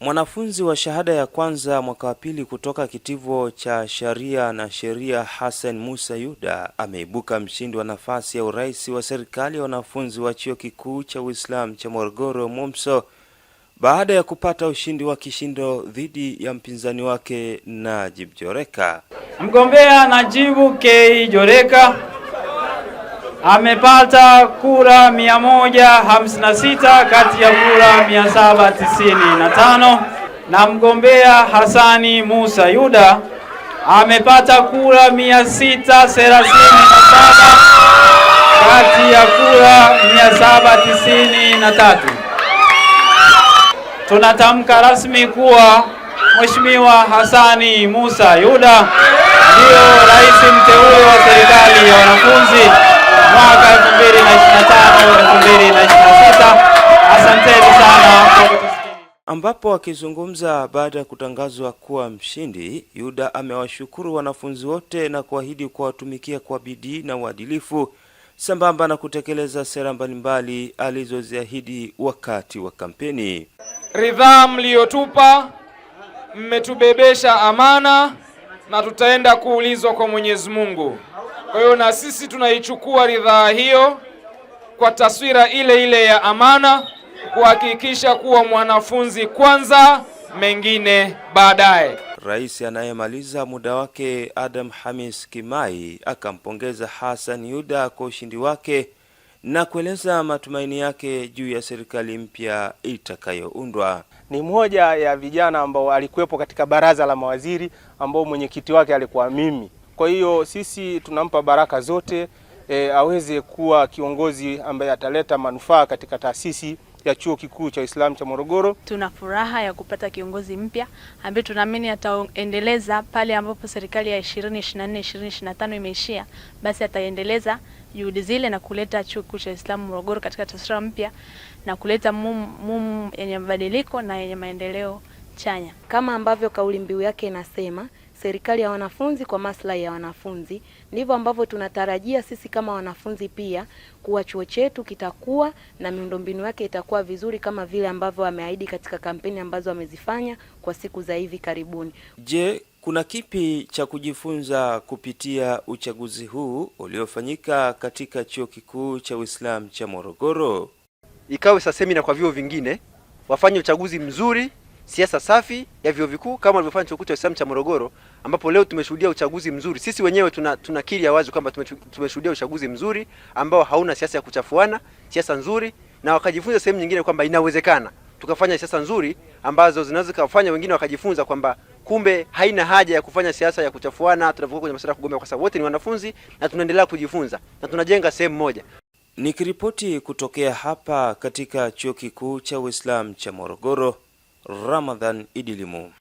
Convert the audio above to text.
Mwanafunzi wa shahada ya kwanza mwaka wa pili kutoka kitivo cha Sharia na Sheria Hassan Musa Yuda ameibuka mshindi wa nafasi ya urais wa serikali ya wanafunzi wa Chuo Kikuu cha Uislamu cha Morogoro MUMSO baada ya kupata ushindi wa kishindo dhidi ya mpinzani wake Najib Joreka. Mgombea Najibu K Joreka amepata kura sita kati ya kura 795 na mgombea hasani Musa Yuda amepata kura saba kati ya kura tatu. Tunatamka rasmi kuwa Mheshimiwa hasani Musa Yuda ndiyo rais mteule wa serikali ya wanafunzi mwaka na 2026. Asanteni sana Ambapo akizungumza baada ya kutangazwa kuwa mshindi, Yuda amewashukuru wanafunzi wote na kuahidi kuwatumikia kwa bidii na uadilifu sambamba na kutekeleza sera mbalimbali alizoziahidi wakati wa kampeni. Ridhaa mliyotupa, mmetubebesha amana na tutaenda kuulizwa kwa Mwenyezi Mungu. Kwa hiyo na sisi tunaichukua ridhaa hiyo kwa taswira ile ile ya amana, kuhakikisha kuwa mwanafunzi kwanza, mengine baadaye. Rais anayemaliza muda wake Adam Hamis Kimai akampongeza Hassan Yuda kwa ushindi wake na kueleza matumaini yake juu ya serikali mpya itakayoundwa. Ni mmoja ya vijana ambao alikuwepo katika baraza la mawaziri ambao mwenyekiti wake alikuwa mimi. Kwa hiyo sisi tunampa baraka zote e, aweze kuwa kiongozi ambaye ataleta manufaa katika taasisi ya Chuo Kikuu cha Uislamu cha Morogoro. Tuna furaha ya kupata kiongozi mpya ambaye tunaamini ataendeleza pale ambapo serikali ya 2024 2025 imeishia, basi ataendeleza juhudi zile na kuleta Chuo Kikuu cha Uislamu Morogoro katika taswira mpya na kuleta mumu yenye mabadiliko na yenye maendeleo chanya, kama ambavyo kauli mbiu yake inasema serikali ya wanafunzi kwa maslahi ya wanafunzi. Ndivyo ambavyo tunatarajia sisi kama wanafunzi pia kuwa chuo chetu kitakuwa na miundombinu yake itakuwa vizuri kama vile ambavyo wameahidi katika kampeni ambazo wamezifanya kwa siku za hivi karibuni. Je, kuna kipi cha kujifunza kupitia uchaguzi huu uliofanyika katika Chuo Kikuu cha Uislamu cha Morogoro? Ikawe sasa semina kwa vyuo vingine wafanye uchaguzi mzuri siasa safi ya vyuo vikuu kama walivyofanya chuo kikuu cha Uislamu cha Morogoro, ambapo leo tumeshuhudia uchaguzi mzuri. Sisi wenyewe tuna, tuna kiri ya wazi kwamba tumeshuhudia uchaguzi mzuri ambao hauna siasa ya kuchafuana, siasa nzuri, na wakajifunza sehemu nyingine kwamba inawezekana tukafanya siasa nzuri ambazo zinaweza kufanya wengine wakajifunza kwamba kumbe haina haja ya kufanya siasa ya kuchafuana tunapokuwa kwenye masuala ya kugomea, kwa sababu wote ni wanafunzi na tunaendelea kujifunza na tunajenga sehemu moja. Nikiripoti kutokea hapa katika chuo kikuu cha Uislamu cha Morogoro. Ramadhan idilimu